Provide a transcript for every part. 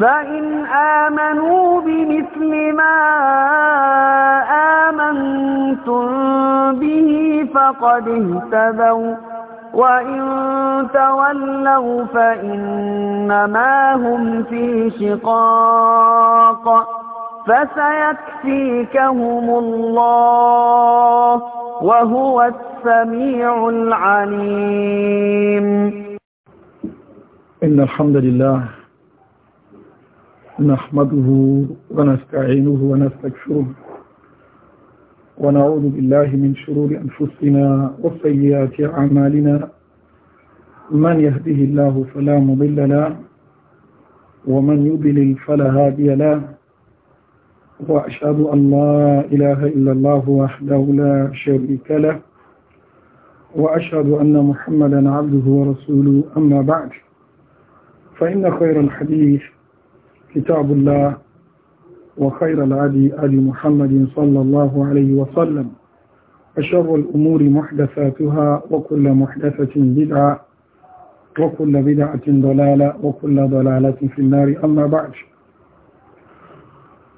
فإن آمنوا بمثل ما آمنتم به فقد اهتدوا وإن تولوا فإنما هم في شقاق فسيكفيكهم الله وهو السميع العليم إن الحمد لله نحمده ونستعينه ونستكشره ونعوذ بالله من شرور أنفسنا وسيئات أعمالنا من يهده الله فلا مضل له ومن يضلل فلا هادي له وأشهد أن لا إله إلا الله وحده لا شريك له وأشهد أن محمدا عبده ورسوله أما بعد فإن خير الحديث كتاب الله وخير العدي أبي محمد صلى الله عليه وسلم وشر الأمور محدثاتها وكل محدثة بدعة وكل بدعة ضلالة وكل ضلالة في النار أما بعد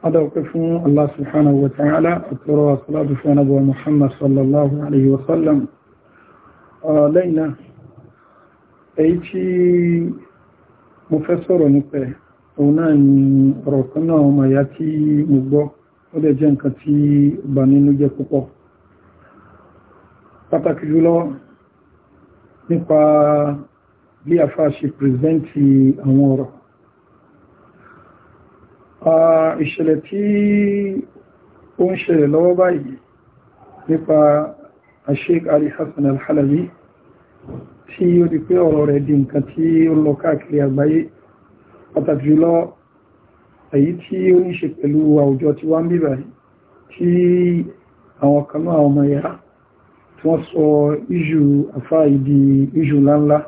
adáwọ̀pẹ́ fún Allah subhanahu wa ta'ala àtọrọ àsàlátù fún anábọ̀ Muhammad sallallahu alaihi wasallam lẹ́yìnà èyí tí mo fẹ́ sọ̀rọ̀ nípa òun náà ni ọ̀rọ̀ kan náà ọmọ ìyá tí mo gbọ́ ó dẹ̀ ọ̀rọ̀ ìṣẹ̀lẹ̀ tí ó ń ṣẹlẹ̀ lọ́wọ́ báyìí nípa Sheikh Ali Hassan al-Halabi tí ó di pé ọ̀rọ̀ rẹ̀ di nǹkan tí ó lọ káàkiri àgbáyé pàtàkì jùlọ èyí tí ó ní ṣe pẹ̀lú àwùjọ tí wá ń bíbà tí àwọn kanú àwọn ọmọ ya tí wọ́n sọ iṣu àfáà ìdí iṣu láńlá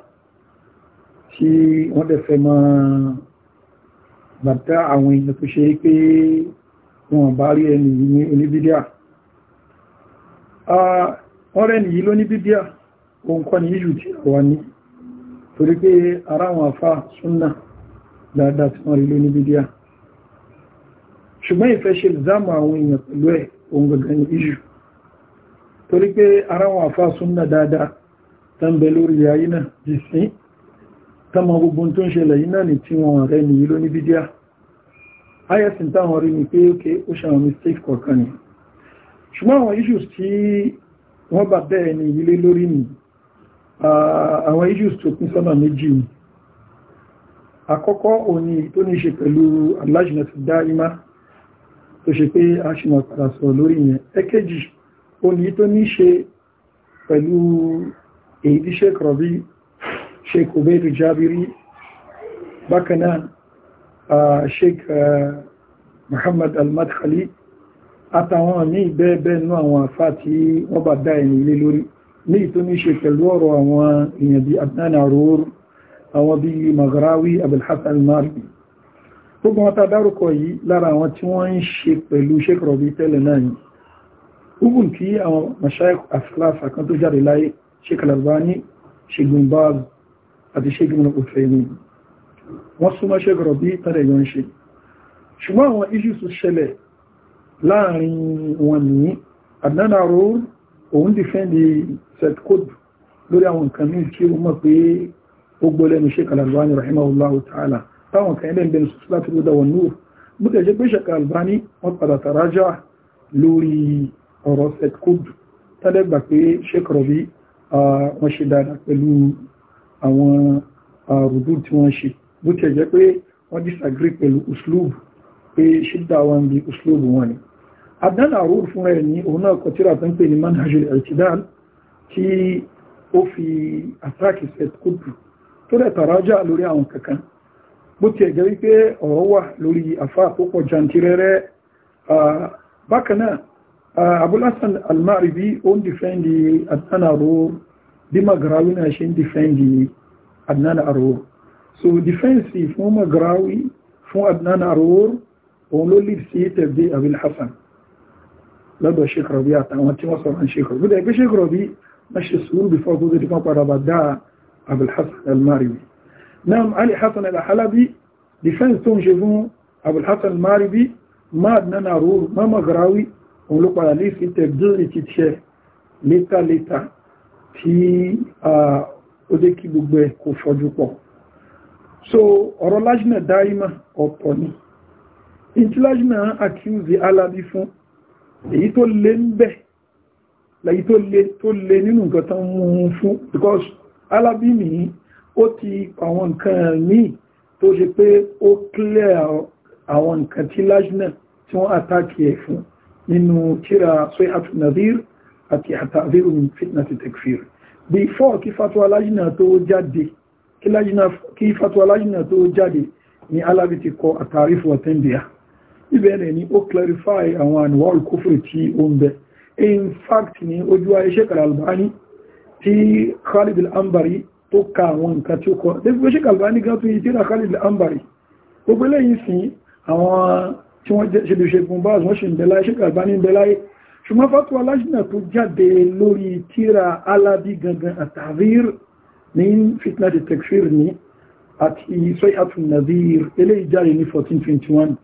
tí wọ́n dẹ̀ fẹ́ máa bàtà àwọn èèyàn tó ṣe pé wọn bá rí ẹni yìí ní oníbídíà ah, ọ̀rẹ́ ni yìí ló ní bídíà òun kọ́ ni yíṣù tí àwọn ní torí pé ara wọn àfá súnnà dáadáa tí wọ́n rí ló ní bídíà ṣùgbọ́n ìfẹ́ ṣe zámà àwọn èèyàn pẹ̀lú ẹ̀ òun gangan ní yíṣù torí pé ara wọn àfá súnnà dáadáa tán bẹ lórí ayé náà jìsín tọ́mọ gbogbo tó ń ṣẹlẹ̀ yìí náà ni tí wọ́n rẹ̀ ní ìlú ní bídíà ayẹ́sìn táwọn rí ni pé ókè ó ṣàwọn mistake kọ̀ọ̀kan ni ṣùgbọ́n àwọn issues tí wọ́n bá bẹ́ẹ̀ ní ilé lórí ni àwọn issues tó pín sọ́nà méjì ni àkọ́kọ́ òní tó ní ṣe pẹ̀lú aláṣìnà ti dá sheik obeidu jabiri bákanáà uh, sheik uh, muhammad al-madkhali àtàwọn ní ìbẹ́ẹ̀bẹ́ nú àwọn àfá tí wọ́n bá dá ẹni ilé lórí ní ìtò ní ṣe pẹ̀lú ọ̀rọ̀ àwọn èèyàn bí adnan arúr àwọn bí maghrawi abdulhassan al-marbi gbogbo wọn ta dárúkọ yìí lára àwọn tí wọ́n ń ṣe pẹ̀lú sheik rọ̀bí tẹ́lẹ̀ náà àti ṣe gínú òfẹ́ ní wọ́n súnmọ́ ṣe gọ̀rọ̀ bí tàrẹ yọ ń ṣe ṣùgbọ́n àwọn issues ṣẹlẹ̀ láàrin wọn ní àdánà ro òun dìfẹ́ndì set code lórí àwọn nǹkan ní tí ó mọ̀ pé ó gbọ́ lẹ́nu ṣe kalalbani rahimahullahu ta'ala táwọn kan ilẹ̀ ìbẹ̀rẹ̀ sọ́tún láti rúdà wọn núr bó tẹ̀ ṣe pé ṣe kalalbani wọ́n padà tàrájà lórí àwọn àrùdú tí wọ́n ṣe bó tẹ̀ jẹ́ pé wọ́n disagree pẹ̀lú uslub pé ṣídà wọn bí uslub wọn ni Adnan Arur fúnra ẹ̀ ní òun náà kọtíra tó ń pè ní manhajul al-i'tidal tí ó fi attack set kúrò tó rẹ̀ tàrájà lórí àwọn kankan bó ti ẹ̀gẹ́ wípé ọ̀rọ̀ wà lórí àfá àpópọ̀ jantirẹrẹ bákanáà Abul Hasan ó ń dìfẹ́ndì Adnan Arur bí Maghrawi na ṣe ń dìfẹ́ǹdì Adnan Aror so dìfẹ́ǹsì fún Maghrawi fún Adnan Aror òun ló lead sí tẹ̀bí Abil Hassan do Sheikh Rabi àtàwọn tí so sọ̀rọ̀ Sheikh Rabi dẹ̀ pé Sheikh Rabi wọ́n ṣe sùúrù bí fọ́gbó tó ti fọ́n padà bá dáa Abil Hassan al-Maribi náà Ali Hassan al-Halabi dìfẹ́ǹsì tó ń ṣe fún Abil Hassan al-Maribi ma Adnan Aror ma Maghrawi òun ló padà lead sí tẹ̀bí ti tiẹ̀ l'état l'état tí ó jẹ́ kí gbogbo ẹ̀ kò fọ́jú pọ̀ so ọ̀rọ̀ lájínà dáímà ọ̀pọ̀ ni intilajina accuse alábi fún èyí tó lé ń bẹ̀ lẹ́yí tó lé tó lé nínú nǹkan tán mú un fún because alábi ní ó ti àwọn nǹkan míì tó ṣe pé ó clear àwọn nǹkan tí lájínà tí wọ́n attack ẹ̀ fún nínú kíra sọ́yàtù nàzírí àti àtàzírù ní fitna ti tekfir before kí fatwa lájínà tó jáde kí fatwa lájínà tó jáde ní alábi ti kọ àtàrífù àtẹ́ndìyà ìbẹ̀rẹ̀ ni ó clarify àwọn àníwọ̀l kúfùrù tí ó ń bẹ in fact ni ojú ayé ṣekàrà albani tí khalid al-ambari tó ka àwọn nǹkan tí ó kọ lẹ́gbẹ̀ẹ́ ṣekàrà albani gan tó yí tíra khalid al-ambari gbogbo lẹ́yìn sí àwọn tí wọ́n ṣe lè ṣe gùn báàzù wọ́n ṣe ń bẹ láyé ṣekàrà albani ń bẹ láyé ṣùgbọ́n fatuwa lajina tó jáde lórí tíra alábí gangan àtàrír ní fitna de tekfir ní àti sọ́yí àtúnnàzír eléyìí jáde ní 1421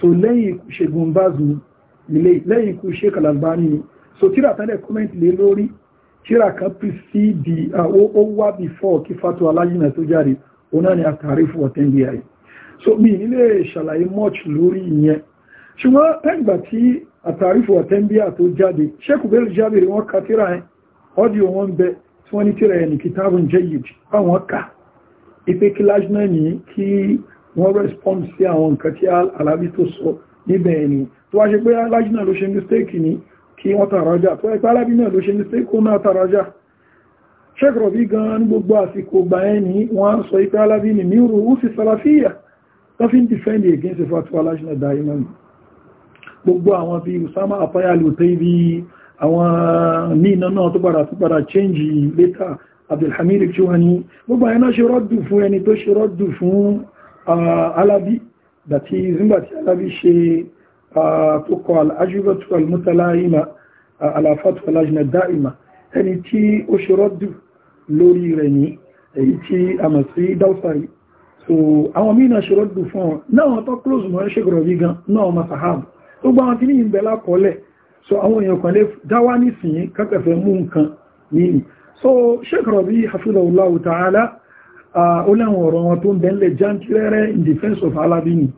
so lẹ́yìn ikú ṣegun bázù lẹ́yìn ikú ṣe kalabani ni so tíra tẹ́lẹ̀ kọ́mẹ́ntì lé lórí tíra kan pìsídì uh, ó wá before kí fatuwa lajina tó jáde òun ni àtàrí fún ọ̀tẹ́ so mi nílé ṣàlàyé much lórí ìyẹn ṣùgbọ́n ẹgbà tí àtàrífò àtẹ́mbíà tó jáde ṣekùbẹ́lì jábìrì wọ́n ka tíra ẹ ọdíò wọ́n bẹ tí wọ́n ní tíra ẹ̀ ní kìtàbùn jayyid àwọn ká ipé kí lájúmọ́ ní kí wọ́n respond sí àwọn nǹkan tí alábí tó sọ níbẹ̀ ẹni tó wá ṣe pé alájúmọ́ ló ṣe mistake ní kí wọ́n tàrájá tó wá ipá alábí náà ló ṣe mistake kó ń gbogbo àwọn bí usama apáyàlù tẹ́bí àwọn nínà náà tó padà tó padà change later abdulhamid chuhani gbogbo àyẹ́ná ṣe rọ́dù fún ẹni tó ṣe rọ́dù fún alábí dàti zimbati alábí ṣe tó kọ alájúbẹ̀tù almutaláìmà aláfàtù alájúmẹ̀ dáìmà ẹni tí ó ṣe rọ́dù lórí rẹ̀ ní èyí tí a mọ̀ sí dáúsàrí so àwọn mí náà ṣe rọ́dù fún ọ náà tó close mọ́ ẹ́ ṣe gọ̀rọ̀ vegan náà wọ́n gbogbo àwọn kìíní ìbẹ̀ lákọọ́lẹ̀ so àwọn èèyàn kan lè dáwà nísìnyí kákẹfẹ́ mú nǹkan nínú so Sheikh Rabi hafizahullahu ta'ala ó láwọn ọ̀rọ̀ wọn in defense of Alabini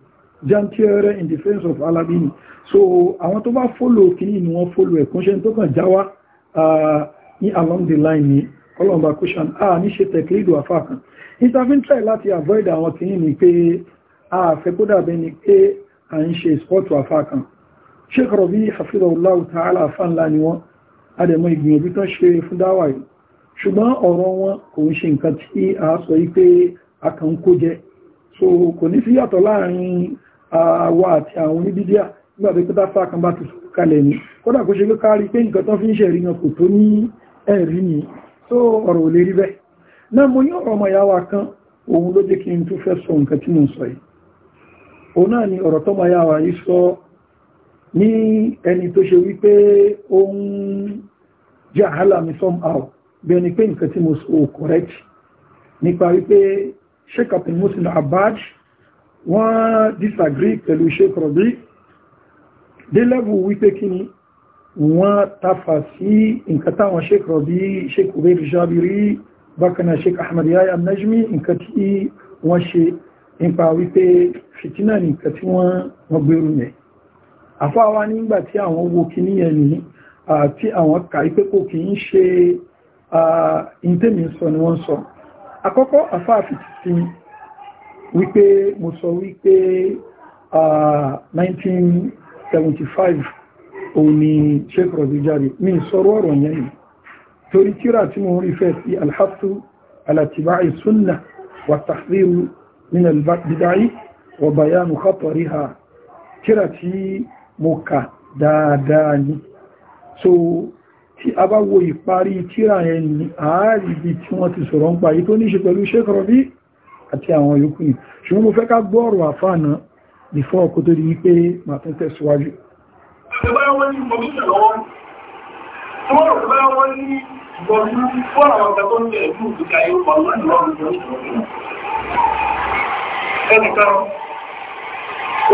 jantirẹ́rẹ́ in defense of Alabini so àwọn tó bá fólò kìíní ni wọ́n fólò ẹ̀kúnṣẹ́ along the line ni ọlọ́mọba kúṣàn a ní ṣe tẹ̀kìlìdò àfá kan intervene try láti avoid àwọn kìíní ni pé a fẹ́ kó dàbẹ́ ni pé à ń ṣe sport àfá kan Sheikh Rabi hafidhahullahu ta'ala àfáńlá ni wọ́n adẹ̀mọ́ ìgbìyànjú tó ṣe fún dáwà yìí ṣùgbọ́n ọ̀rọ̀ wọn kò ń ṣe nǹkan tí a sọ wípé a kàn kó jẹ so kò ní sí yàtọ̀ láàrin àwa àti àwọn oníbídíà nígbàtí pé tá fákan bá ti sọ̀rọ̀ ní kódà so ọ̀rọ̀ ò lè rí bẹ́ẹ̀ náà mo ní ọ̀rọ̀ ọmọ ìyáwá kan ní ẹni tó ṣe wípé ó ń jẹ́ àhálà mi somehow bí ẹni pé nǹkan tí mo sọ correct nípa wípé sheik abdul musin abaj wọ́n disagree pẹ̀lú sheik rọ̀bí dé level wípé kí ni wọ́n tafa sí nǹkan táwọn sheik rọ̀bí sheik ubayd jabiri bákanáà sheik ahmad yahya najmi nǹkan tí wọ́n ṣe nípa wípé fitina nǹkan tí wọ́n gbèrú yẹn àfáwá nígbà tí àwọn wo kí ní ẹni àti àwọn kàí pé kò kí ṣe ìntẹ́mì ni wọ́n sọ àkọ́kọ́ àfáàfi ti sí wípé mo sọ wípé 1975 òun ni sheikh rọ̀bí jáde mi sọ̀rọ̀ ọ̀rọ̀ yẹn yìí torí tíra tí mo rí fẹ́ sí alhassu alatiba'i sunna wa tahziru min albidai wa bayanu khatariha tíra tí mo kà dáadáa ni so tí a bá wo ìparí tíra yẹn ni ààrí bí tí wọ́n ti sọ̀rọ̀ ń pa yìí tó níṣe pẹ̀lú Sheikh Rabi àti àwọn yòókù ni ṣùgbọ́n mo fẹ́ ká gbọ́ ọ̀rọ̀ àfáànà ìfọ́ ọkọ̀ tó di wípé màá tún tẹ̀síwájú ẹnìkan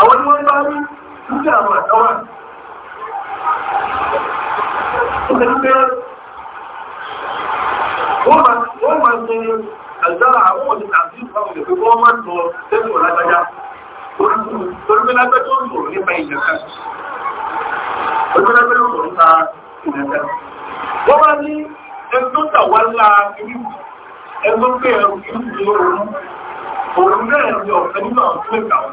àwọn tí wọ́n bá rí dúkìá àwọn àtàwà wọ́n máa ṣe àjára àwọn ọ̀dẹ̀ àti ìfàwọn ìfẹ́ wọ́n máa tọ́ tẹ́sùn lágbàjá torípé lágbàjá ó sọ̀rọ̀ nípa ìjẹ̀ká torípé lágbàjá ó sọ̀rọ̀ nípa ìjẹ̀ká wọ́n máa ní ẹgbẹ́ tàwálá ẹgbẹ́ pé ẹrù ìlú ìlú òun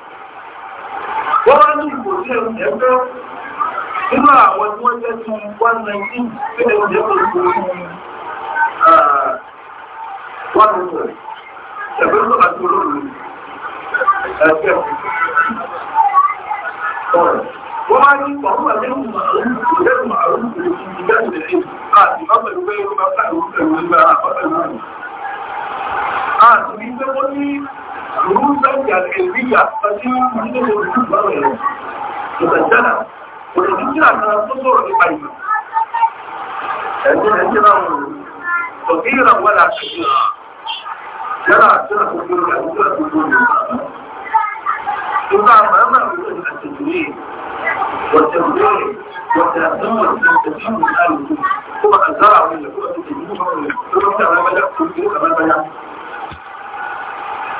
wọ́n wá ní ìpòsí ẹgbẹ́ nínú àwọn tí wọ́n jẹ́ tún 119 tí ẹgbẹ́ jẹ́ pẹ̀lú ìpòsí wọ́n ní ẹgbẹ́ tó bá tó lórí ẹgbẹ́ wọ́n wá ní ọ̀rọ̀ àdéhùn màálùú ìgbẹ́rù màálùú ìgbẹ́rù ìgbẹ́rù àti ọ̀pẹ̀lú pé ó bá pàdé òun pẹ̀lú ìgbà àpapẹ̀lú àti wípé wọ́n ní رؤوسا كالكلبية فتيهم مجدد الوجود بغيره مسجلة والذكرى كانت تصور بقيمة لأنها هجرة صغيرة ولا كبيرة جرى جرى كبيرة جرى كبيرة تضع أمام التدوين والتنوير والتنظيم والتنظيم من آل هو أزرع من هو تدوين هو كما بدأ كبيرة كما بدأ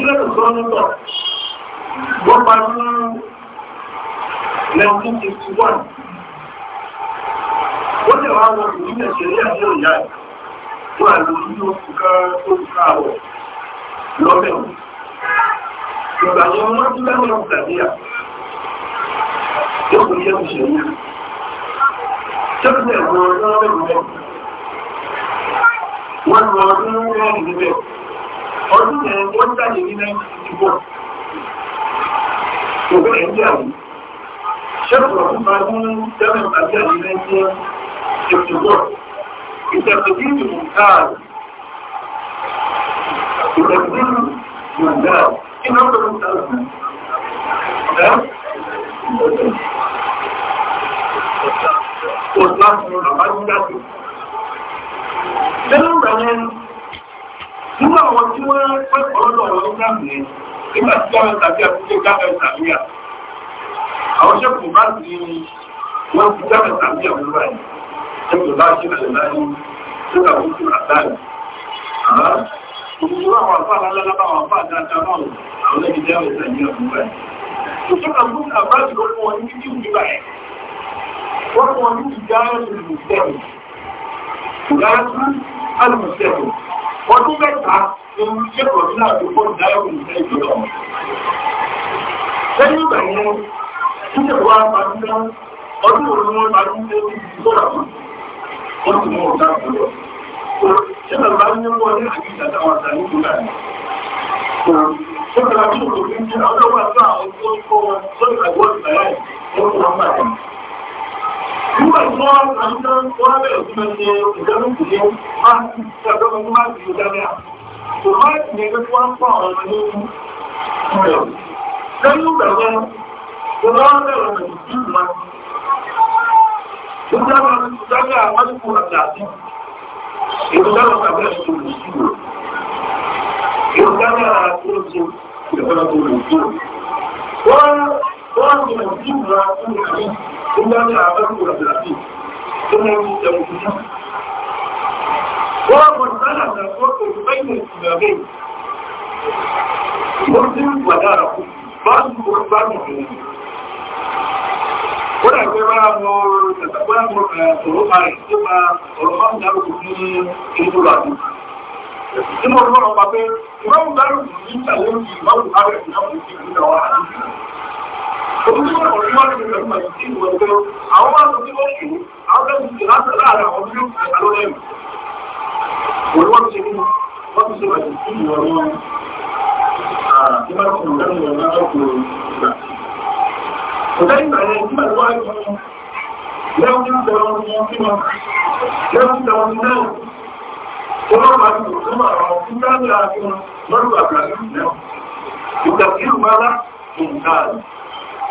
ilẹ̀ ìsọ́nìtọ̀ wọ́n pa ní 1961 wọ́n tẹ̀ wá wọ́n ní nàìjíríà ní òyà tó àlò ní oṣù ká oṣù káàwọ̀ lọ́bẹ̀ ìgbà yẹn wọ́n tún lẹ́wọ̀n ìgbàdíyà yóò kò yẹ òṣèlú tẹ́kùnlẹ̀ wọ́n lọ́wọ́ ìgbẹ́ wọ́n lọ́wọ́ ìgbẹ́ ọdún yẹn ó jáde ní 1964 gbogbo fún ma mú jẹ́mẹ̀ tàbí àti nínú àwọn tí wọ́n pẹ́ ọ̀rọ̀lọ́ ọ̀rọ̀ nígbà mìíràn nígbà tí gámẹ́ tàbí àkúté gámẹ́ tàbí à àwọn ṣẹ́kù bá ti wọ́n ti gámẹ́ tàbí àwọn ọ̀rọ̀ yìí ẹgbẹ̀ bá ṣe lè láyé nígbà tó ti rà láyé òṣìṣẹ́ àwọn àfáà lálábà àwọn àfáà dáadáa náà àwọn ẹgbẹ̀ gámẹ́ tàbí àwọn ọ̀rọ̀ yìí òṣìṣẹ́ àwọn àfáà ti lọ́ fún wọn ní kíkí òjúbà ẹ̀ wọ́n fún wọn ní ọdún mẹ́ta ni mo ṣe pọ̀ sí láti fọ́ ìdáyọ̀kù ìfẹ́ ìjọba. lẹ́yìn ìgbà yẹn títẹ̀ wá parí náà ọdún òun ni wọ́n parí ní ìgbọ́ra fún wọn ti mú ọ̀gá àbúrò. ṣé bàbá ní wọ́n ní àti ìdàdà wọn àtàlẹ́ ìgbọ́ra ni? ṣé bàbá tí òun ní ọjọ́ wà fún àwọn tó ń kọ́ wọn lọ́dún àgbọ̀ ìgbà láì Nígbà tí wọ́n àwọn wọ́n bẹ̀rẹ̀ sí máa ṣe ìdánúkù ní máàkì ìṣàjọba ní máàkì ìdámẹ́à. Kò máàkì ní ẹgbẹ́ tí wọ́n ń pọ̀ ọ̀rọ̀ ní ọ̀rọ̀. Lẹ́yìn ìgbà wọn, kò wọ́n bẹ̀rẹ̀ ọ̀rọ̀ ìdíjú máa. Ìjọba ìdámẹ́à wọ́n ti kúrò àti Ìjọba ìdámẹ́à ti kúrò ìṣúrò. Ìjọba ìdámẹ́à ti kúrò ìṣúrò. Wọ́n wọ́n mọ̀ sí ìrọ̀ fún ìrìn tó bá ní àbẹ́kù rẹ̀bìlàbì tó mọ̀ ní ẹ̀wọ̀n fún wọ́n mọ̀ sálà àtàkọ́ òṣìṣẹ́ ìgbàgbé wọ́n tí ń gbàdá rà fún bá ń bọ̀ bá ń bọ̀ wọ́n dà pé bá mọ̀ ẹ̀sàgbá mọ̀ ẹ̀sọ̀rọ̀ máa rẹ̀ tó máa ọ̀rọ̀ máa ń dárúkú ní ètò ràdù Nínú ọdún ọ̀pá pé, ìwọ́n ń dárúkú ní ìtàlẹ́ òkè Àwọn tí wọ́n rí wọ́n ti rẹ̀ mọ̀ sí ìwọ̀n ìgbẹ̀rọ, àwọn bá tún tí wọ́n ṣù, àwọn bẹ́ẹ̀ ti láti láàárín àwọn bí ó ti ṣe lọ́rẹ́ mi. Wọ́n wọ́n ti rí wọ́n ti ṣe wà ní ìwọ̀n wọn. Ìgbà tí wọ́n rí wọ́n lọ́kùnrin ìgbà. Ọ̀dá ìgbà yẹn, ìgbà tí wọ́n rí wọ́n lọ́wọ́ ní ìgbà wọn ni wọ́n fi wọn. Lọ́wọ́ ní ìgbà wọn ni náà. Ọlọ́run àti ìgbà wọn ti dáhùn láàárín wọn lọ́rùn àgbà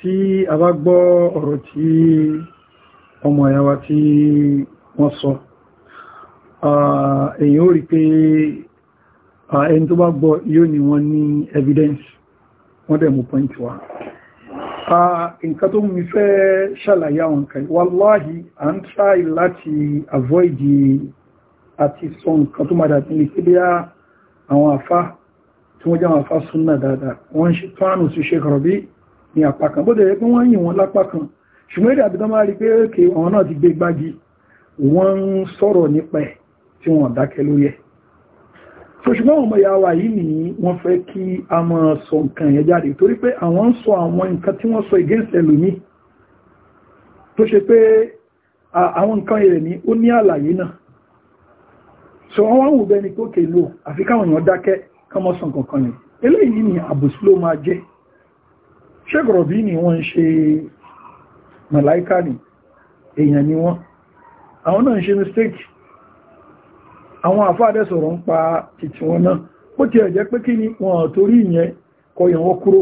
tí a bá gbọ́ ọ̀rọ̀ tí ọmọ ẹ̀yàwó tí wọ́n sọ èyàn ó rí pé ẹni tó bá gbọ́ yóò ní wọ́n ní evidence wọ́n dẹ̀ mú point wá nǹkan tó mi fẹ́ ṣàlàyé àwọn nǹkan wàláhì à ń try láti avoid àti sọ nǹkan tó má dà àwọn àfá tí wọ́n jáwọn àfá súnnà dáadáa wọ́n ṣe tánù sí ṣe kọ̀rọ̀bí ní apá kan bóde rẹ̀ pé wọ́n yìn wọ́n lápá kan ṣùgbọ́n èdè àbídán máa rí pé òkè àwọn náà ti gbé gbági wọ́n ń sọ̀rọ̀ nípa tí wọ́n dákẹ́ lórí ni wọ́n fẹ́ kí a máa sọ nǹkan yẹn jáde torí pé àwọn ń sọ àwọn nǹkan tí wọ́n sọ against tó ṣe pé àwọn nǹkan yẹn ní ó ní àlàyé náà so wọ́n wá wù bẹ́ni tó kèlò àfi káwọn èèyàn dákẹ́ kọmọ́sàn kankan ni eléyìí ni àbòsí ló máa jẹ́ ṣẹ́gọ̀rọ̀bí ni wọ́n ń ṣe màláíkà ni èèyàn ni wọ́n àwọn náà ń ṣe mistake àwọn àfáàdẹ́ sọ̀rọ̀ ń pa títí wọn náà ó ti ẹ̀jẹ́ pé kí ni wọ́n torí ìyẹn kọyàn wọ́n kúrò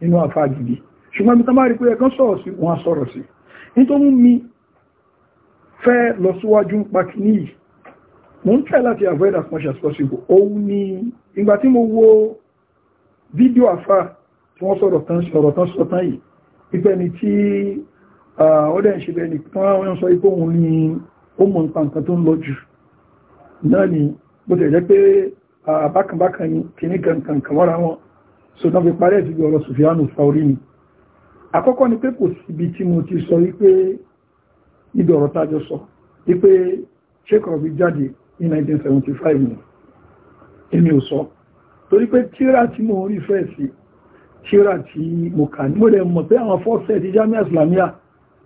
nínú àfáà gidi ṣùgbọ́n mi tán bá rí pé ẹ̀kan sọ̀rọ̀ sí wọ́n sọ̀rọ̀ sí nítorí mi fẹ́ lọ síwájú ń pa kìíní yìí mo ń try láti avoid as much as possible òun ni ìgbà tí mo wo fídíò àfà tí wọ́n sọ̀rọ̀ tán sọ̀rọ̀ tán sọ tán yìí ipẹ́ ni tí ọdẹ́ ń ṣe bẹ́ẹ̀ ni tán wọ́n sọ ipò òun ni ó mọ̀ nípa nǹkan tó ń lọ jù náà ni bó tẹ̀ jẹ́ pé bákanbákan ni kìíní kankan kan wára wọn so tán fi parẹ́ ìdíbi ọ̀rọ̀ Sufyanu Sauri ni àkọ́kọ́ ni pé kò síbi tí mo ti sọ wípé níbi ọ̀rọ̀ tájọ sọ wípé ṣé kọ̀ọ̀bí jáde ní 1975 ni èmi ò sọ torí pé tíra tí mo rí fẹ́ sí tíra tí mo kà ní mo rẹ̀ mọ̀ pé àwọn fọ́sẹ̀ ti jami'a islamiyya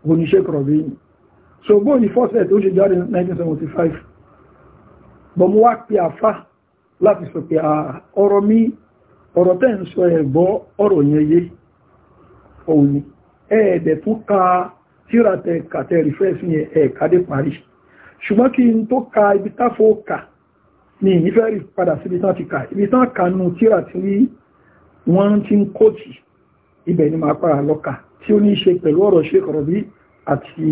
oníṣẹ́ kọ̀rọ̀bí so bó ní fọ́sẹ̀ tó ṣe jáde 1975 bọ̀ mo wá pé àfá láti sọ pé ọ̀rọ̀ mi ọ̀rọ̀ tẹ́ ń sọ ẹ̀gbọ́ ọ̀rọ̀ yẹn yé ni ẹ̀ẹ̀dẹ̀ tún ka ṣùgbọ́n kí n tó ka ibi táfò kà ní ìfẹ́ rí padà sí ibi tán ti kà ibi tán kà tíra tí wọ́n ti ń kóòtì ibẹ̀ ni máa para lọ́kà tí ó ní ṣe pẹ̀lú ọ̀rọ̀ Sheikh Rabi àti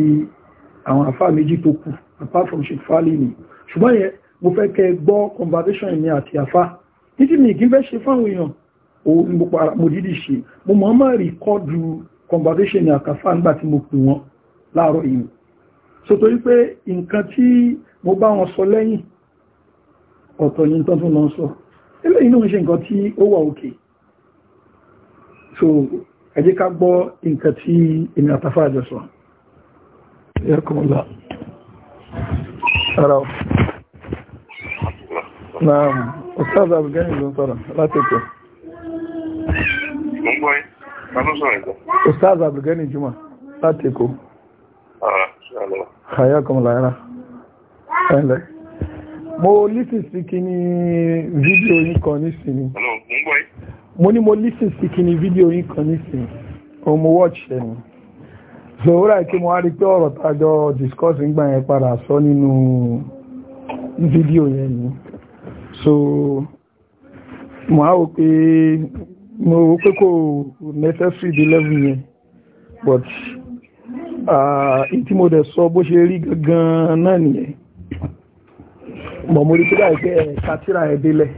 àwọn àfá méjì tó kù apart from Sheikh ni ṣùgbọ́n yẹn mo fẹ́ kẹ́ gbọ́ conversation mi àti àfá títí mi kí n fẹ́ ṣe fáwọn èèyàn òun mo para mo dídì ṣe so torí pé nǹkan tí mo bá wọn sọ lẹ́yìn ọ̀tọ̀ yìí tán tún lọ sọ eléyìí náà ń ṣe nǹkan tí ó wà òkè so ẹ jẹ́ ká gbọ́ nǹkan tí èmi àtàfà àjọ sọ Naam, Ustaz Abgani ló ń sọ̀rọ̀ láti ẹ̀kọ́. Mo ń Juma láti ẹ̀kọ́. Ọ̀rọ̀ ṣàyàkùnlára ẹ̀lẹ̀ mo lísìn sí kí ní fídíò yín kan nísìnyí mo ní mo lísìn sí kí ní fídíò yín kan nísìnyí o mo watch ẹni so ó ráì kí mo wá rí pé ọ̀rọ̀ tàjọ discuss ń gbà yẹn padà sọ nínú fídíò yẹn ni so mo á wò pé mo wò pé kò necessary the level yẹn but ìtí mo dẹ̀ sọ bó ṣe rí gangan náà nìyẹn mọ̀ mo rí tí láì pé ẹ̀ka tíra ẹ̀ délẹ̀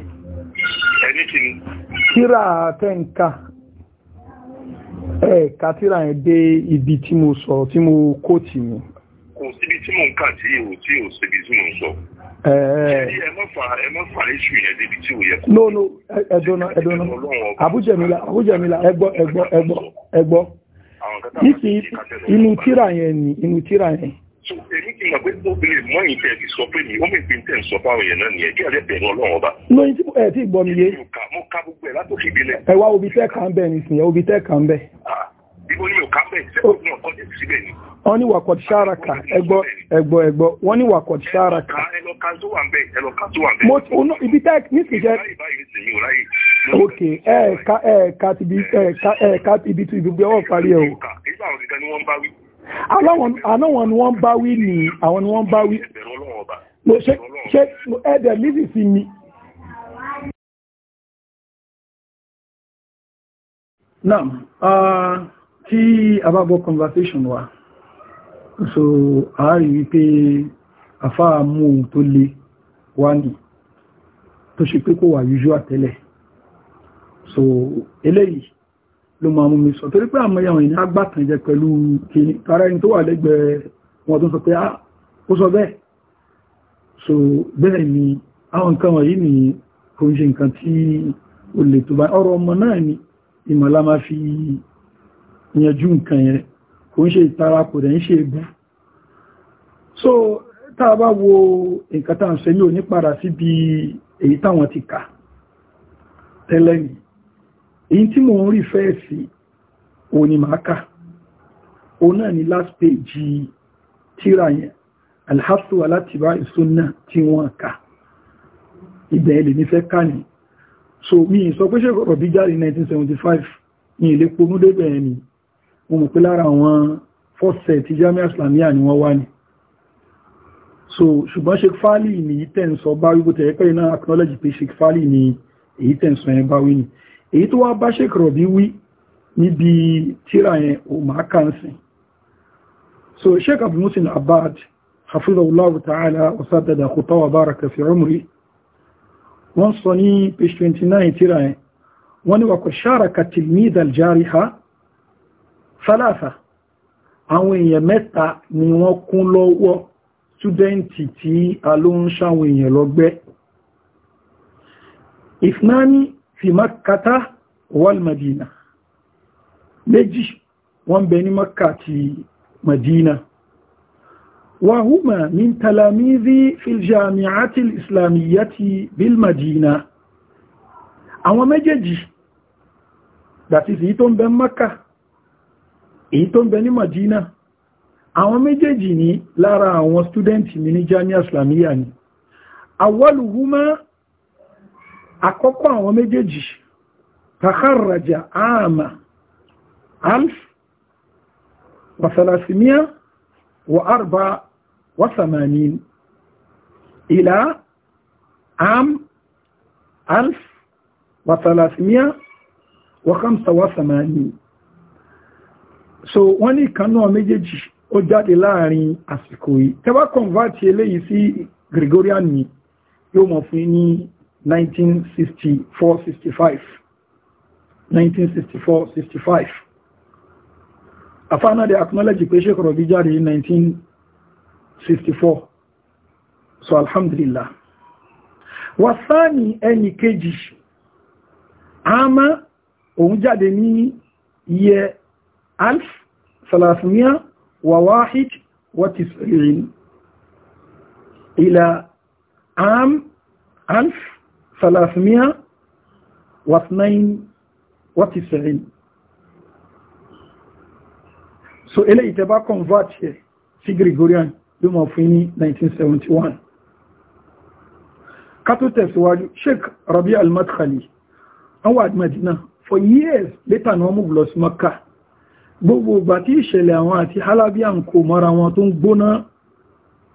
ẹni kì í tíra tẹ́ǹka ẹ̀ka tíra ẹ̀ dé ibi tí mo sọ tí mo kó tì mí kò síbi tí mo ń kà tí ò tí ò síbi tí mo ń sọ no nísìnyí inú tíra yẹn ni inú tíra yẹn so èmi ti mọ̀ pé obìnrin mọ́ yìí tẹ́ ti sọ pé mi ó mì pé tẹ́ ń sọ fáwọn èèyàn náà nìyẹn kí ẹ̀rẹ́ bẹ̀rù ọlọ́run ọba. lóyún tí ẹ ti gbọ́ mi yé. mo ka gbogbo ẹ̀ látòkè délẹ̀. ẹ wá obi tẹ́ kàn bẹ́ẹ̀ nìsín obi tẹ́ kàn bẹ́ẹ̀. Ah, ó ní òkà wọ́n ní wàkọ̀ sáraka ẹgbọ́ ẹgbọ́ ẹgbọ́ wọ́n ní wàkọ̀ sáraka. ibi tẹ́ ní kì í jẹ́. ẹ ẹ̀ka ẹ̀ka ti bi ẹ̀ka ẹ̀ka ibi tí ibi ọwọ́ parí ẹ̀ o. àwọn ni wọ́n bá wí ni àwọn ni wọ́n bá wí. ẹ̀dẹ̀ lísìsì Naam. Uh, tí àbábọ̀ conversation wa so àárí wípé àfáà mú ohun tó le wá ní tó ṣe pé kó wà usual tẹ́lẹ̀ so eléyìí ló máa mú mi sọ torí pé àmọ́ àwọn ènìyàn agbátàn jẹ pẹ̀lú kìíní tara ẹni tó wà lẹ́gbẹ̀ẹ́ wọn tó sọ pé á ah, ó sọ bẹ́ẹ̀ so bẹ́ẹ̀ ni àwọn nǹkan wọ̀nyí ni kò ń ṣe nǹkan tí ó lè tó bá ọ̀rọ̀ ọmọ náà ni ìmọ̀lá máa fi yanjú nǹkan yẹn kò ń ṣe ìtara rẹ̀ ń ṣe ebú so táà bá wo nǹkan táà ń ṣe ní òní padà síbi èyí táwọn ti kà tẹ́lẹ̀ ni èyí tí mo ń rí fẹ́ sí òun ni màá kà òun náà ni last page tíra yẹn alhassu alátìbá ìsúná tí wọ́n kà ibẹ̀ ilẹ̀ nífẹ́ ká ni so mi sọ pé ṣe rọ̀bí jáde 1975 ní ilé ponú débẹ̀ ẹni mo mọ̀ pé lára àwọn fọ́sẹ̀ tí jamiu islamiyya ni wọ́n wá ní so ṣùgbọ́n sheik fali ni èyí tẹ́ ń sọ bá wí bó tẹ̀yẹ́ pẹ́ iná acknowledge pé sheik fali ni èyí tẹ́ ń bá wí ni èyí tó wá bá sheik rọ̀bí wí níbi tíra yẹn ò máa kà ń sìn so sheik abdulmusin abad hafizahullahu ta'ala wasadada khuta wa baraka fi umri wọ́n sọ ní page 29 tíra yẹn wọ́n ni wà kò ṣára ka tilmid fálàfà àwọn èèyàn mẹ́ta ni wọ́n kún lọ́wọ́ túdẹ́ǹtì tí a ló ń ṣàwọn èèyàn lọ́gbẹ́ ìfnáni fi makata wal madina méjì wọ́n bẹ ní makka ti madina wàhúmà ní talamizi filjamiatil islamiyyati bil madina àwọn méjèèjì dàti sí tó ń bẹ makka èyí tó ń bẹ ní Madina àwọn méjèèjì ní lára àwọn stúdẹ́ntì mi ní Jamia Islamiyya ni awwaluhuma àkọ́kọ́ àwọn méjèèjì takharraja àmà alf wasalasimiya wa arba wasamanin ila am alf wasalasimiya wa khamsa wasamanin so wọ́n ní ìkan náà méjèèjì ó jáde láàrin àsìkò yìí tẹ́wà kọ̀nvátì eléyìí sí Gregorian ni yóò mọ̀ fún ní 1964-65 1964-65 afáàná de acknowledge pé ṣe kọ̀rọ̀ bí jáde 1964 so alhamdulillah wasáàni ẹni kejì àmá òun jáde ní iye alf ثلاثمائة وواحد وتسعين إلى عام ألف ثلاثمائة واثنين وتسعين so eléyìí tẹ́ bá convert here sí Gregorian ló mọ̀ fún ní 1971 kátó tẹ̀síwájú Sheikh Rabi al-Madkhali àwọn àdìmọ̀dínà for years later ni wọ́n mú lọ sí gbogbo ìgbà tí ìṣẹ̀lẹ̀ àwọn àti halabi à ń kò mọ́ra wọn tó ń gbóná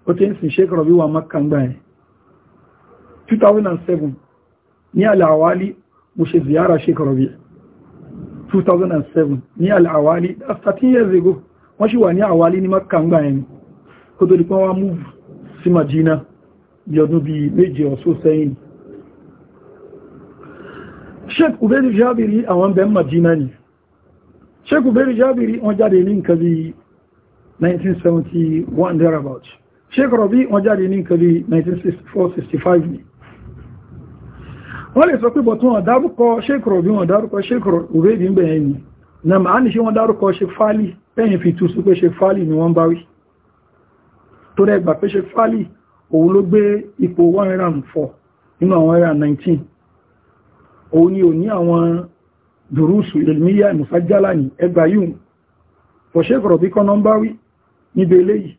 ó ti ń sìn ṣe kọ̀rọ̀bí wà maka ẹ̀ 2007 ní alàwálí mo ṣe ziyara ṣe kọ̀rọ̀bí 2007 ní alàwálí after 10 years ago wọ́n ṣì wà ní àwálí ní maka ń gbà ẹ̀ kó tó dípọ́n wá mú sí Madina bí ọdún bí méje ọ̀sọ́ sẹ́yìn Sheikh Ubedi Jabiri àwọn bẹ̀ Madina ni ṣekù bẹ̀rẹ̀ jábìrí wọ́n jáde ní nǹkan bí 1971 thereabout. ṣekù rọ̀bí wọ́n jáde ní nǹkan bí 1964-65 ni wọ́n lè sọ pé bọ̀tún wọ́n dárúkọ ṣekù rọ̀bí wọ́n dárúkọ ṣekù rọ̀bí bẹ̀yẹn ni na ma ní ṣe wọ́n dárúkọ ṣe fálì pẹ́yìn fi tú sí pé ṣe fálì ni wọ́n báwí tó rẹgbà pé ṣe fálì òun ló gbé ipò 104 nínú àwọn era 19 òun ni ò ní àwọn dùrúsù ilmiya musajjala ní ẹgbà yìí for sheik rọ̀bí kan nọ́mbà wí níbi eléyìí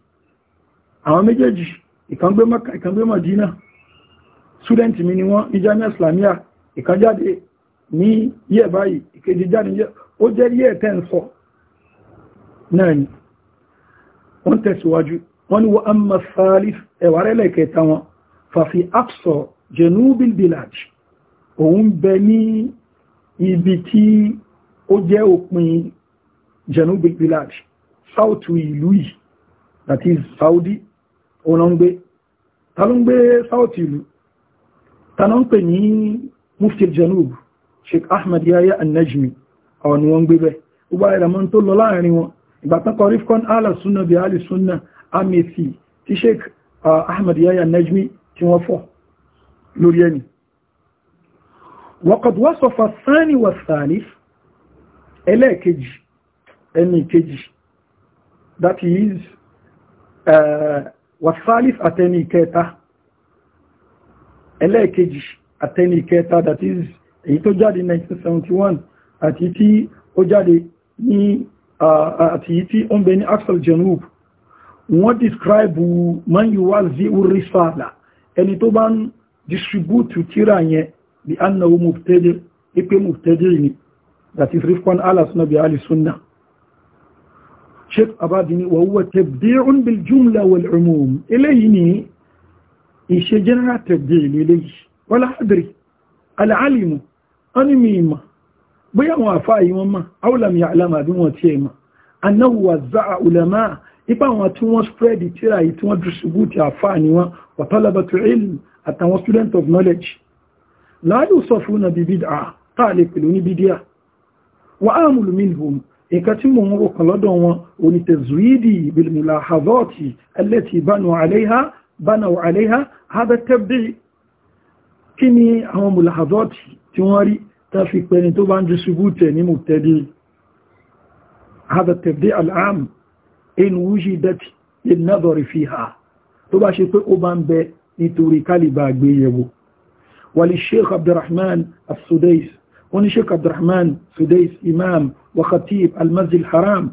àwọn méjèèjì ìkàngbé madina student mi ni wọ́n ní jami'a islamiyya ìkànjáde ní yẹ́ báyìí ìkejì jáde ó jẹ́ yẹ́ tẹ́ ń sọ náà ni wọ́n tẹ̀síwájú wọ́n ni ibi tí ó jẹ́ òpin Janubul Bilad south ìlú yìí that is Saudi òun ń gbé ta ló ń gbé south ìlú ta ló ń pè ní mufti Janub Sheikh Ahmad Yahya an àwọn ni wọ́n ń gbé bẹ́ẹ̀ gbogbo àìrà mọ́ tó lọ láàrin wọn ìgbàtán kan rifkon ala sunna bí ali sunna amesi tí Sheikh ah, Ahmad Yahya An-Najmi tí wọ́n fọ́ lórí ẹni وقد وصف الثاني والثالث ẹlẹ́ẹ̀kejì ẹni kejì that is wasalif àtẹni ìkẹta ẹlẹ́ẹ̀kejì أتني ìkẹta that is èyí tó 1971 àti tí ó jáde ní uh, àti tí ó ń bẹ ní axel genub wọ́n describe man yuwa zi urisala ẹni tó bá ń distribute tíra yẹn bi annahu mubtadi ipe mubtadi ni that is rifqan ala sunna bi ahli sunna sheikh abadini wa huwa tabdi'un bil jumla wal umum ilayhi ni ishe general tabdi' ni ilayhi wala adri al alim ani mima bóyá wọn àfá yìí wọn mọ̀ awlam ya'lama bí wọn tí ẹ mọ̀ annahu wazza'a ulama ipa wọn tí wọ́n spread tírà yìí tí wọ́n distribute àfá ni wọn wa talabatu ilm àtàwọn student of knowledge láàrín sọ fún nàbí bídá táà lè pẹ̀lú ní bídíà wà á múlù minhum nǹkan tí mo ń rò kan lọ́dọ̀ wọn òní tẹ̀zùídì bilmula hazọ́ọ̀tì ẹlẹ́tì bánu àléhá bánu àléhá hábẹ́ tẹ́bí kí ni àwọn mula hazọ́ọ̀tì tí wọ́n rí ta fi pẹ̀lú tó bá ń jù tẹ̀ ní mùtẹ́dì hábẹ́ tẹ́bí al'am وللشيخ عبد الرحمن السديس وللشيخ عبد الرحمن السديس إمام وخطيب المسجد الحرام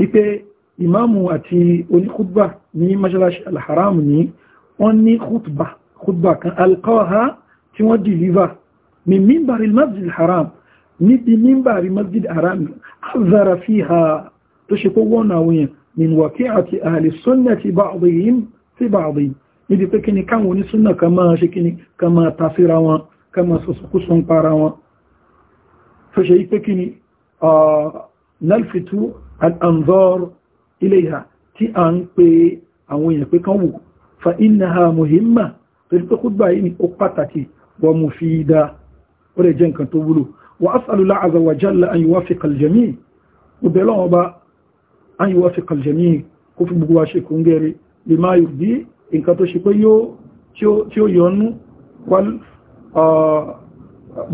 إبي إمام واتي ولي خطبة ني مجلش الحرام ني وني خطبة خطبة كان ألقاها تودي ليفا من منبر المسجد الحرام من منبر المسجد الحرام أظهر فيها تشكو ونوين من وكيعة أهل السنة بعضهم في بعضهم níbi pé kí ni káwọn onísúnà kan máa ṣe kí ni kan máa ta síra wọn kan máa sọ̀sọ̀kúsọ ń para wọn tó ṣe pé kí ni nalfitu al'anzor ilayha tí a ń pe àwọn èèyàn pé kan wò fa innaha muhimma tó ṣe pé kúgbà yìí ni ó pàtàkì wa mufida ó lè jẹ́ nǹkan tó wúlò wa as'alula azza wa jalla an yuwafiqa fi gbogbo nǹkan tó ṣe pé tí ó yọnú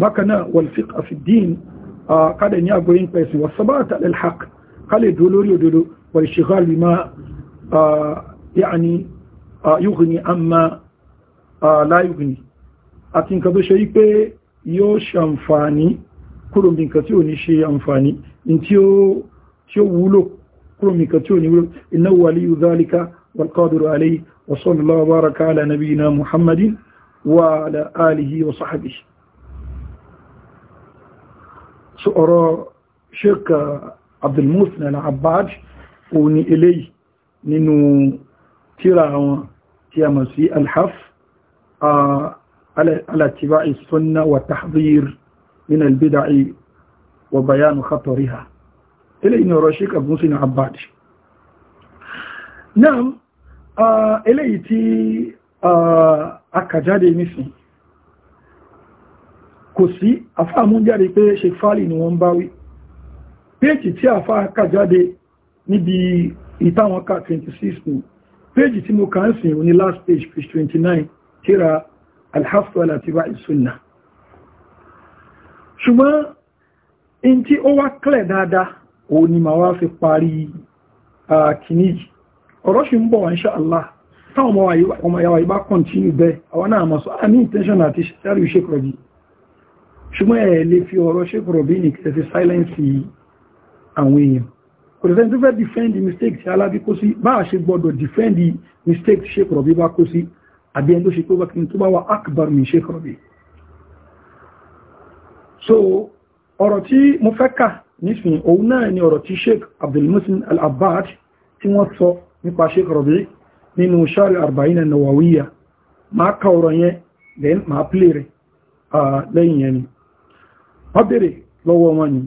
bákanáà walfiq afidin kádẹ̀ ní àgbóyí ń pẹ̀sìn wà sábàtà alhaq kálẹ̀ dúó lórí òdodo wà ìṣẹ́gbàlù ma yáàni yúgbìní àmà láyúgbìní àti nǹkan tó ṣe wípé yóò ṣàǹfàní kúròmí nǹkan tí ò ní ṣe àǹfàní tí ó wúlò والقادر عليه وصلى الله وبارك على نبينا محمد وعلى آله وصحبه سؤال شيخ عبد المثنى العباج وني إليه ننو ترى تيامسي الحف على اتباع السنة والتحضير من البدع وبيان خطرها إلى نرى رشيك أبو سين عباد نعم Ah, eléyìí tí akàjáde ah, nísìn kò sí àfáàmú jáde pé ṣe fálì ni wọ́n bá wí péjì tí àfá akàjáde níbi ìtàwọn ká 26 ní péjì tí mo kàn sìn ní last page page 29 tíra alhassu alatiba isunna ṣùgbọ́n in tí ó wá clear dáadáa òun ni màá wá fi parí ah, kìníyìí ọ̀rọ̀ ṣì ń bọ̀ insha Allah táwọn ọmọ yàwà ìbá kọntínú bẹ́ àwọn náà mọ̀ sọ a ní intention àti ṣẹ́rù ṣekọ̀rọ̀bí ṣùgbọ́n ẹ̀ lè fi ọ̀rọ̀ ṣekọ̀rọ̀bí ní kẹfẹ́ silence àwọn èèyàn kò tẹ́sẹ́ tó fẹ́ defend mistake ti alábí kó sí bá a ṣe gbọ́dọ̀ defend mistake ti ba bá kó sí àbí ẹni tó ṣe pé wákìtí tó bá wà akbar min ṣekọ̀rọ̀bí so ọ̀rọ̀ tí mo fẹ́ kà nísìnyí òun náà ni ọ̀rọ̀ tí sheik abdulmuslim al-abbad tí wọ́n sọ nípa Sheikh Rabi' nínú Shari Arba'ina Nawawiya ma ka ọ̀rọ̀ yẹn then ma play rẹ̀ lẹ́yìn yẹn ni wọ́n bèèrè lọ́wọ́ wọn ni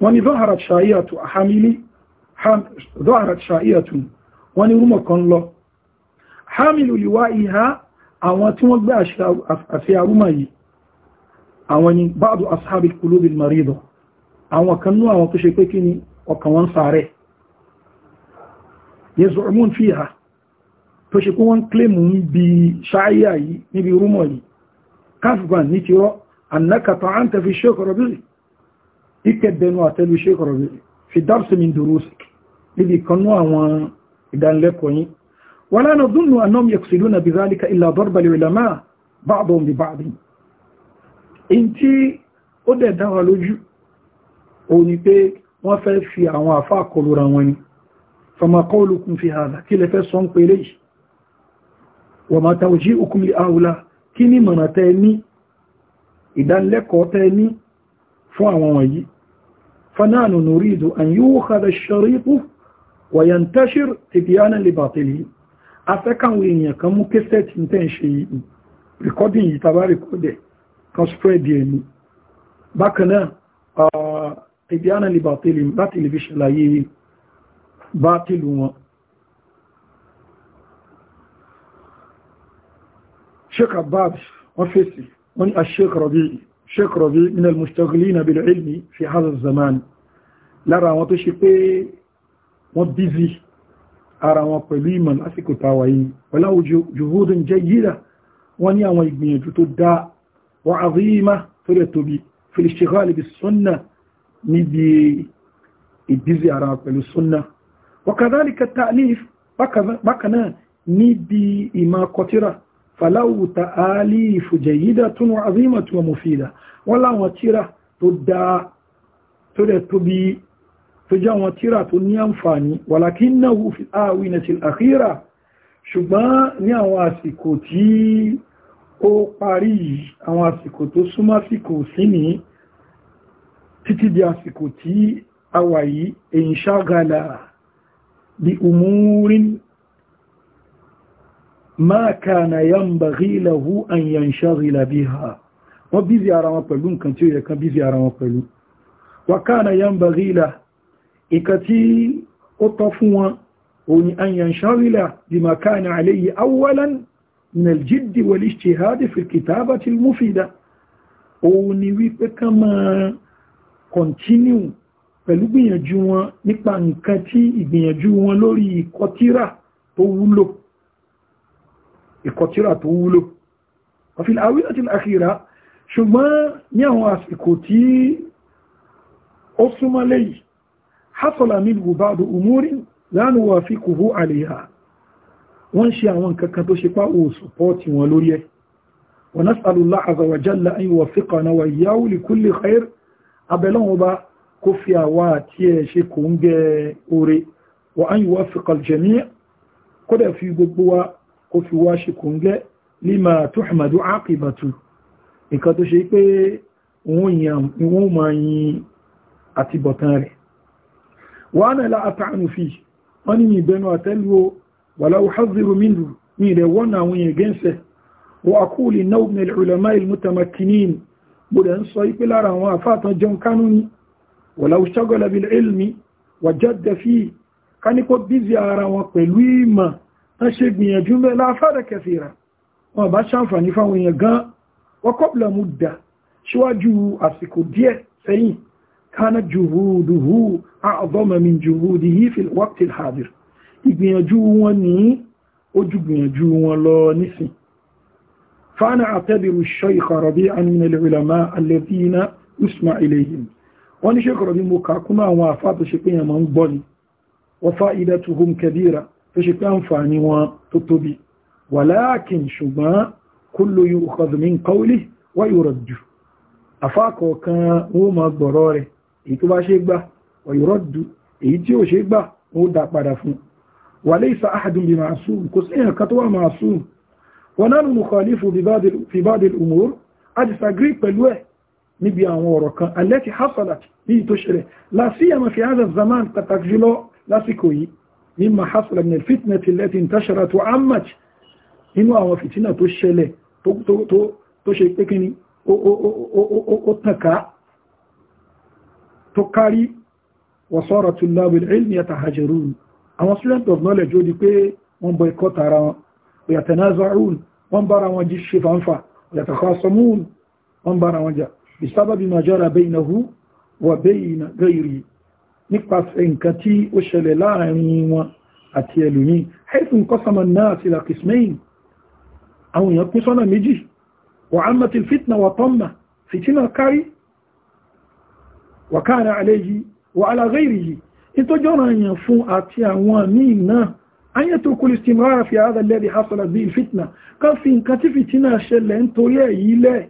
wọ́n ni zaharat sha'iyatu hamili zaharat sha'iyatu wọ́n ni rúmọ̀ kan lọ hamilu liwa iha àwọn tí wọ́n gbé àṣẹ arúmọ̀ yìí àwọn ni ba'du ashabil qulubil marido àwọn kan nú àwọn tó ṣe pé kí ni ọkàn wọn sáré يزعمون فيها فشكون كلمون بشعياي نبي رمولي كافبا نتيرا أنك طعنت في الشيخ ربيعي إكدن واتل الشيخ ربيعي في درس من دروسك نبي كانوا وان إدان لكوني ولا نظن أنهم يقصدون بذلك إلا ضرب العلماء بعضهم ببعض انتي ó dẹ̀ dáwà lójú òun ni pé wọ́n fẹ́ fi àwọn àfáà kọlura wọn ni فما قولكم في هذا كلا فسهم قيليش وما توجيئكم لأولى كني منتيني إذا لكوتيني فأواني فنحن نريد أن يؤخذ الشريط وينتشر تبيانا لباطله afẹ́kàwọn èèyàn kan mú kéfẹ́tì ní tẹ́ǹ ṣe yìí rìkọ́dìn yìí tàbá rìkọ́dẹ̀ kan spread yẹn ni bákan náà tẹ̀bíánà lè bàtẹ́lẹ̀ láti lè fi ṣàlàyé bátìlù wọn sheik abbas wọ́n fèsì wọ́n ni a sheik rabi sheik rabi min al-mustaghilina bil ilmi fi hadha zaman lára àwọn tó ṣe pé wọ́n bízi ara wọn pẹ̀lú ìmọ̀ lásìkò tàwà yìí wala juhudun jayyida wọ́n ní àwọn ìgbìyànjú tó dá wa azima tó rẹ̀ tóbi fil-ishtighal bis-sunnah níbi ìbízi ara pẹ̀lú sunnah wakadhalika ta'lif bákanáà níbi ìmá kọtíra falawu ta'alifu jayyidatun wa azimatun wa mufida wọ́n láwọn tíra tó dáa tó dẹ̀ tóbi tó já wọn tíra tó ní àǹfààní walakinnahu fi al-awinatil akhira ṣùgbọ́n ní àwọn àsìkò tí ó parí àwọn àsìkò tó súnmọ́ àsìkò sí ní títí di àsìkò tí a wà yìí inshagala بأمور ما كان ينبغي له أن ينشغل بها وبيزي أرام بلون كان تيوية كان بيزي أرام بلون وكان ينبغي له إكتي أطفوا أن ينشغل بما كان عليه أولا من الجد والاجتهاد في الكتابة المفيدة أو نوي بكما continue pẹ̀lú gbìyànjú wọn nípa nǹkan tí ìgbìyànjú wọn lórí ìkọtíra tó wúlò ìkọtíra tó wúlò ọ̀fíl àwílẹ̀ tí àkíra ṣùgbọ́n ní àwọn àsìkò tí ó súnmọ́ lẹ́yìn hasala min gubadu umuri lánà wà fi kùhú àlèyà wọ́n ṣe àwọn kankan tó ṣe pá o sọpọ́tì wọn lórí ẹ̀ wọ́n nas'alullah azawajalla an yuwaffiqana wa iyyahu li kulli khair abẹ́lọ́wọ́ bá kó fi àwa àti ẹ̀ ṣe kò ń gẹ oore wa an yuwaffiqa al-jami' kó dẹ̀ fi gbogbo wa kó fi wá ṣe kò ń gẹ́ lima tuhmadu aqibatu nǹkan tó ṣe pé wọ́n máa yin àti bọ̀tán rẹ̀ wa ana la ata'anu fi wọ́n ní ìbẹnu àtẹ́lú wala uhadhiru minhu ní ilẹ̀ wọ́n na àwọn ìgẹ́nsẹ̀ wọ́n akúlì náà min al-ulama al-mutamakinin gbọ́dẹ̀ ń sọ ipé àwọn àfáàtàn jẹun kánú ni walau shagala bil ilmi wa jadda fi ká ní kó bízi ara wọn pẹ̀lú ìmọ̀ tán ṣe gbìyànjú mẹ́ láfáàdà kẹfìrà wọn bá ṣàǹfààní fáwọn èèyàn gan wọ́n kọ́pùlà mú dà síwájú àsìkò díẹ̀ sẹ́yìn kánà jùhúdùhú a'dama min jùhúdìhí fil waqtil hadir ìgbìyànjú wọn ní ojú gbìyànjú wọn lọ nísìn fana àtẹ́bìrù shaykh rabi'an min al-ulama alladhina usma ilayhim wọ́n ní ṣékọ̀rọ̀ bí mo kà kúnnà àwọn àfá tó ṣe pé yẹn máa ń gbọ́ ni wọ́n fá ilẹ̀ tó hum kẹbíra tó ṣe pé àǹfààní wọn tó tóbi wàláàkìn ṣùgbọ́n kúlò yóò kọ̀dùnmí kọ́wlì wá yóò jù àfá kọ̀ọ̀kan wọ́n máa gbọ̀rọ̀ rẹ̀ èyí tó bá ṣe disagree pẹ̀lú ẹ̀ níbi àwọn ọ̀rọ̀ kan alẹ́kì hasala ní ìtòṣẹ̀rẹ̀ lásìyàmà fi hádà zaman pàtàkì jùlọ lásìkò yìí mímọ̀ hasala ní fitna ti lẹ́tì ń tàṣàrà tó ammach nínú àwọn fitina tó ṣẹlẹ̀ tó ṣe pé kí ni ó tànká tó kárí wasọ́rọ̀ tó lábìl ilmi yata hajjarun ìsábàbí majara bẹ́ìnahu wà bẹ́ìna gẹ́ìrì nípasẹ̀ nǹkan tí ó ṣẹlẹ̀ láàrin wọn àti ẹlòmí haifun kọsàmà náà sí lakismain àwọn èèyàn pín sọ́nà méjì wà ámàtí fitna wà tọ́mà fitina kárí wà káàrà àlẹ́yìí wà alagẹ́ìrì yìí tó jọ́rọ̀ èèyàn fún àti àwọn míì náà an yi turku listimara fi hada lẹ́dí hasala bí fitna kan fi nǹkan tí fitina ṣẹlẹ̀ nítorí èyí lẹ́ẹ̀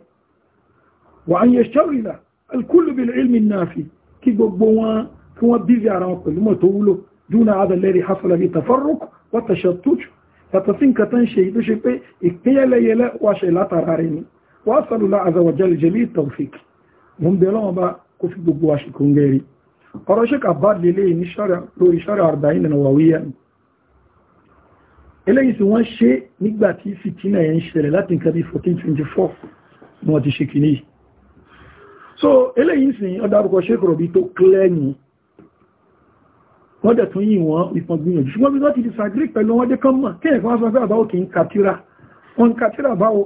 وأن يشتغل الكل بالعلم النافي كي قبوان كما بيزي عرام كل ما تقوله دون هذا الذي حصل به تفرق وتشتت فتسين كتن شيء شيء اكتيا ليلا واشي لا تراريني وأسأل الله عز وجل جميع التوفيق هم بلون با كفي بقواشي كونغيري قراشك أبار لليه نشارع لو إشارع أربعين نوويا eléyìí tí wọ́n ṣe nígbàtí fìtínà yẹn ń ṣẹlẹ̀ láti nǹkan bí 1424 ni wọ́n ti ṣe kìíní yìí so eléyìí sì ó dárúkọ ṣékòrò bí tó clear ni wọ́n dẹ̀ tún yí wọn ìfọn gbìyànjú ṣùgbọ́n bí wọ́n ti disagree pẹ̀lú wọ́n dé kán mọ̀ kí ẹ̀kọ́ wọ́n sọ pé àbáwò kì í kàtírà wọ́n kàtírà báwo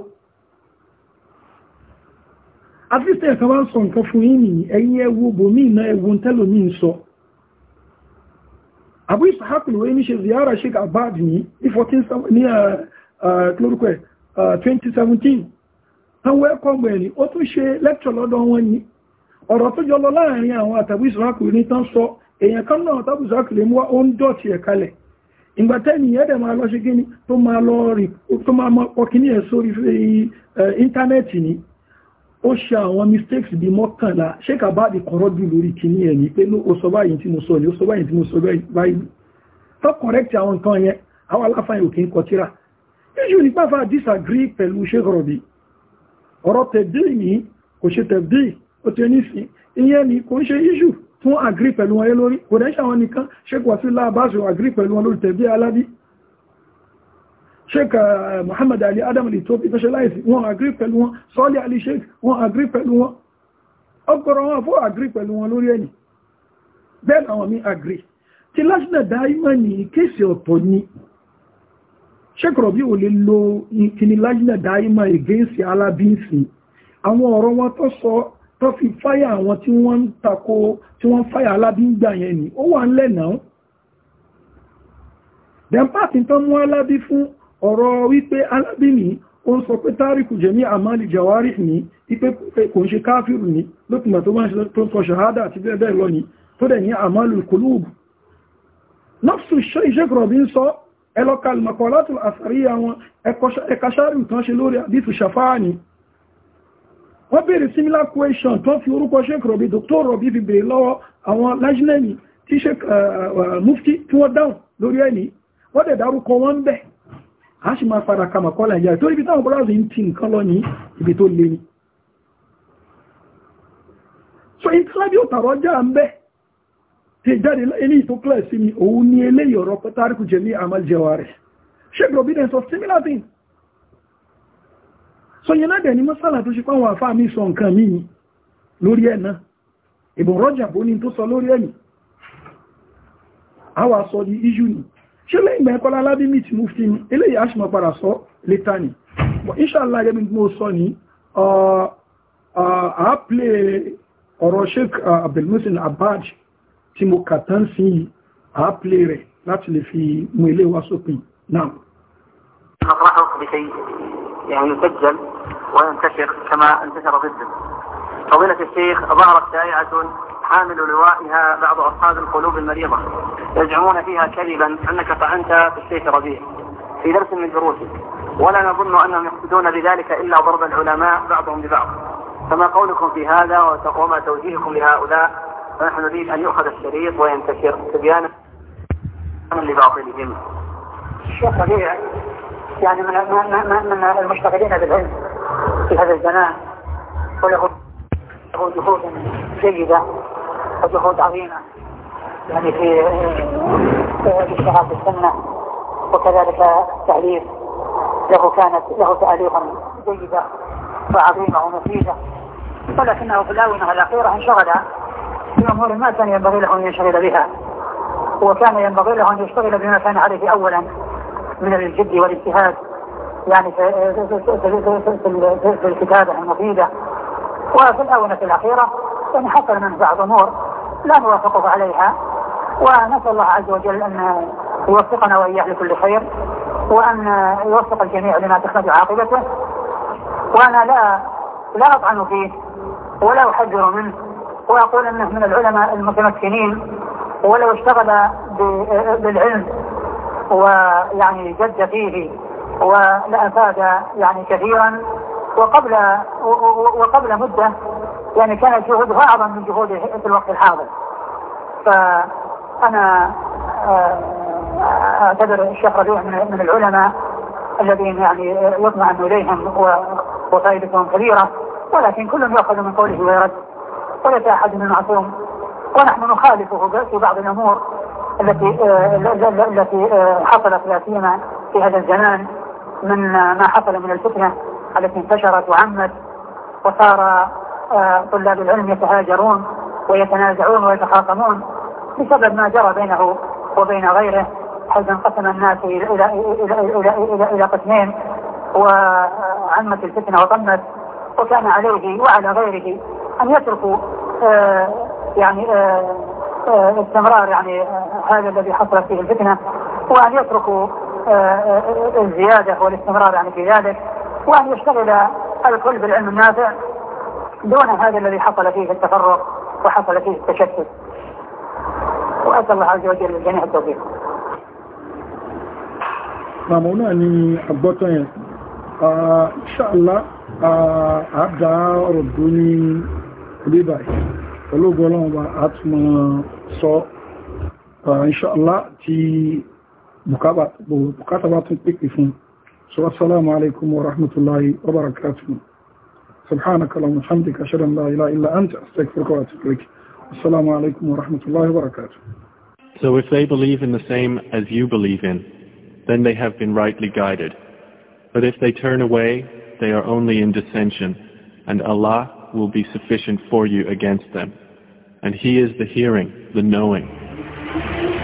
at least ẹ̀kọ́ wọ́n sọ nǹkan fún yín nìyí ẹ̀yìn ẹwu bòmí iná ẹwu tẹ́lòmí ń sọ Abu Ishaq al àwọn ẹ̀kọ́mù ẹ̀rí ó tún ṣe lẹ́kṣọ̀ lọ́dọ̀ wọn ni ọ̀rọ̀ tó jọ lọ láàrin àwọn àtàbí ìsọ́rákùnrin ní tán sọ èèyàn kan náà tàbí ìsọ́rákùnrin mú ó ń dọ̀tí ẹ̀ kalẹ̀ ìgbàtẹ́ni ẹ̀dẹ̀ máa lọ ṣe gíní tó máa lọ rí tó máa mọ ọkìní ẹ̀ sórí íńtánẹ́ẹ̀tì ni ó ṣe àwọn mistakes bí mọ́kànlá ṣé kàbá di kọ̀rọ̀ bí lórí kìíní ẹ̀ ní pé ló ó sọ báyìí tí mo sọ ní ó sọ báyìí tí mo sọ báyìí tó correct àwọn nǹkan yẹn àwọn aláfáàyàn òkè ń kọtíra issue nípa fà disagree pẹ̀lú ṣé rọ̀bì ọ̀rọ̀ tẹ̀bí yìí kò ṣe tẹ̀bí ó ti ní sí ìyẹn ni kò ń ṣe iṣu fún àgírí pẹ̀lú wọn lórí kò dẹ́ṣẹ́ àwọn nìkan ṣékù wàsí láàbáṣe àgírí pẹ̀lú wọn lórí tẹ̀bí alábí ṣékà eh, Muhammad Ali Adam al-Ethiopi tó ṣe láìsí wọn àgírí pẹ̀lú wọn sọ́ọ̀lì Ali Sheikh wọn àgírí pẹ̀lú wọn ọgbọ̀rọ̀ wọn fún àgírí pẹ̀lú wọn lórí ẹni bẹ́ẹ̀ àwọn mi àgírí ti lásìnà dáímọ̀ ni kéèsì ọ̀tọ̀ ni ṣẹ́kọ̀rọ̀ bí o lè lo ìkíni lájínà dáímà ìgẹ́ǹsì alábíǹsì àwọn ọ̀rọ̀ wọn tó sọ tó fi fáyà àwọn tí wọ́n ń tako tí wọ́n fáyà alábíǹgbà yẹn ni ó wà ń lẹ́nà dẹ̀mpáàtì tán mú alábí fún ọ̀rọ̀ wípé alábí ni ó ń sọ pé tárìkù jẹ̀mí àmàlì jàwárì ní ipé kò ń ṣe káfíìrù ní lókùnmọ̀ tó máa sọ ṣàhádà àti bẹ́ẹ̀ bẹ́ẹ̀ lọ ní tó dẹ̀ ní àmàlì kòlúùbù nọ́fṣù iṣẹ́ ìṣẹ́kọ̀rọ̀ bí ń sọ ẹlọ́ka al-maqalatul asariya wọn ẹkàṣàrí tán ṣe lórí àdífù ṣàfáàní wọ́n bèèrè similar question tó fi orúkọ sheik rọ̀bí dr rọ̀bí fi bèèrè lọ́wọ́ àwọn lajnani tí sheik mufti tí wọ́n dáhùn lórí ẹni wọ́n dẹ̀ dárúkọ wọ́n bẹ̀ a ṣì máa padà ka maqala ìyá tó ibi táwọn bọ́láàzì ń ti nǹkan lọ ní ibi tó le ni so ìtìlábí ò tàrọ jà ń bẹ́ẹ̀ tí jáde eléyìí tó clear sí mi òun ní eléyìí ọ̀rọ̀ pẹ́tàríkù jẹ ní àmàl jawarih sheikh robin sọ similar thing so yẹn náà dẹ̀ ní masala tó ṣe pàwọn àfáà mi sọ nǹkan mi lórí ẹ̀ náà ìbùn rọ́jà bó ní tó sọ lórí ẹ̀ ni àwà sọ di iṣu ni ṣe lẹ́yìn uh, uh, ọ̀rọ̀ sheikh uh, abdulmusin abad tí mo kà tán sí àáplé rẹ̀ láti lè fi mú ilé wa sópin náà. أطرحه بشيء يعني يسجل وينتشر كما انتشر ضده. فضيلة الشيخ ظهرت شائعة حامل لوائها بعض أصحاب القلوب المريضة يزعمون فيها كذبا أنك طعنت في الشيخ ربيع في درس من دروسك ولا نظن أنهم يقصدون بذلك إلا ضرب العلماء بعضهم ببعض فما قولكم في هذا وما توجيهكم لهؤلاء فنحن نريد أن يؤخذ الشريط وينتشر تبيانا لباطلهم الشيخ ربيع يعني من من من المشتغلين بالعلم في هذا الزمان وله جهود جيدة وجهود عظيمة يعني في آه، في الاشتغال السنة وكذلك التعليم له كانت له تأليف جيدة وعظيمة ومفيدة ولكنه في الآونة الأخيرة انشغل أمور ما كان ينبغي له أن ينشغل بها وكان ينبغي له أن يشتغل بما كان عليه أولا من الجد والاجتهاد يعني في, في, في الكتابة المفيدة وفي الآونة الأخيرة يعني حصل من بعض أمور لا نوافقه عليها ونسأل الله عز وجل أن يوفقنا وإياه لكل خير وأن يوفق الجميع لما تخرج عاقبته وأنا لا لا أطعن فيه ولا أحذر منه ويقول أنه من العلماء المتمكنين ولو اشتغل بالعلم ويعني جد فيه ولأفاد يعني كثيرا وقبل وقبل مدة يعني كانت جهوده أعظم من جهوده في الوقت الحاضر فأنا آه، أعتبر الشيخ ربيع من العلماء الذين يعني يطمئن إليهم وفائدتهم كبيرة ولكن كل يأخذ من قوله ويرد وليس أحد معصوم ونحن نخالفه في بعض الأمور التي التي حصلت لا سيما في هذا الزمان من ما حصل من الفتنة التي انتشرت وعمت وصار آه، طلاب العلم يتهاجرون ويتنازعون ويتخاصمون بسبب ما جرى بينه وبين غيره حيث انقسم الناس إلى إلى إلى إلى إلى, إلى قسمين وعمت الفتنة وطمت وكان عليه وعلى غيره أن يتركوا آه، يعني آه، آه، استمرار يعني هذا الذي حصلت فيه الفتنة وأن يتركوا الزيادة والاستمرار يعني في ذلك وأن يشتغل الكل بالعلم النافع دون هذا الذي حصل فيه التفرق وحصل فيه التشتت وأسأل الله عز وجل للجميع التوفيق Nàà mo ni àgbọ́tọ̀ yẹn, ṣáàlá àádá ọ̀rọ̀ ní ọlọ́ọ̀bá sọ tí bukata bá tún fún alaikum rahmatullahi So if they believe in the same as you believe in then they have been rightly guided but if they turn away they are only in dissension and Allah will be sufficient for you against them. And He is the hearing, the knowing.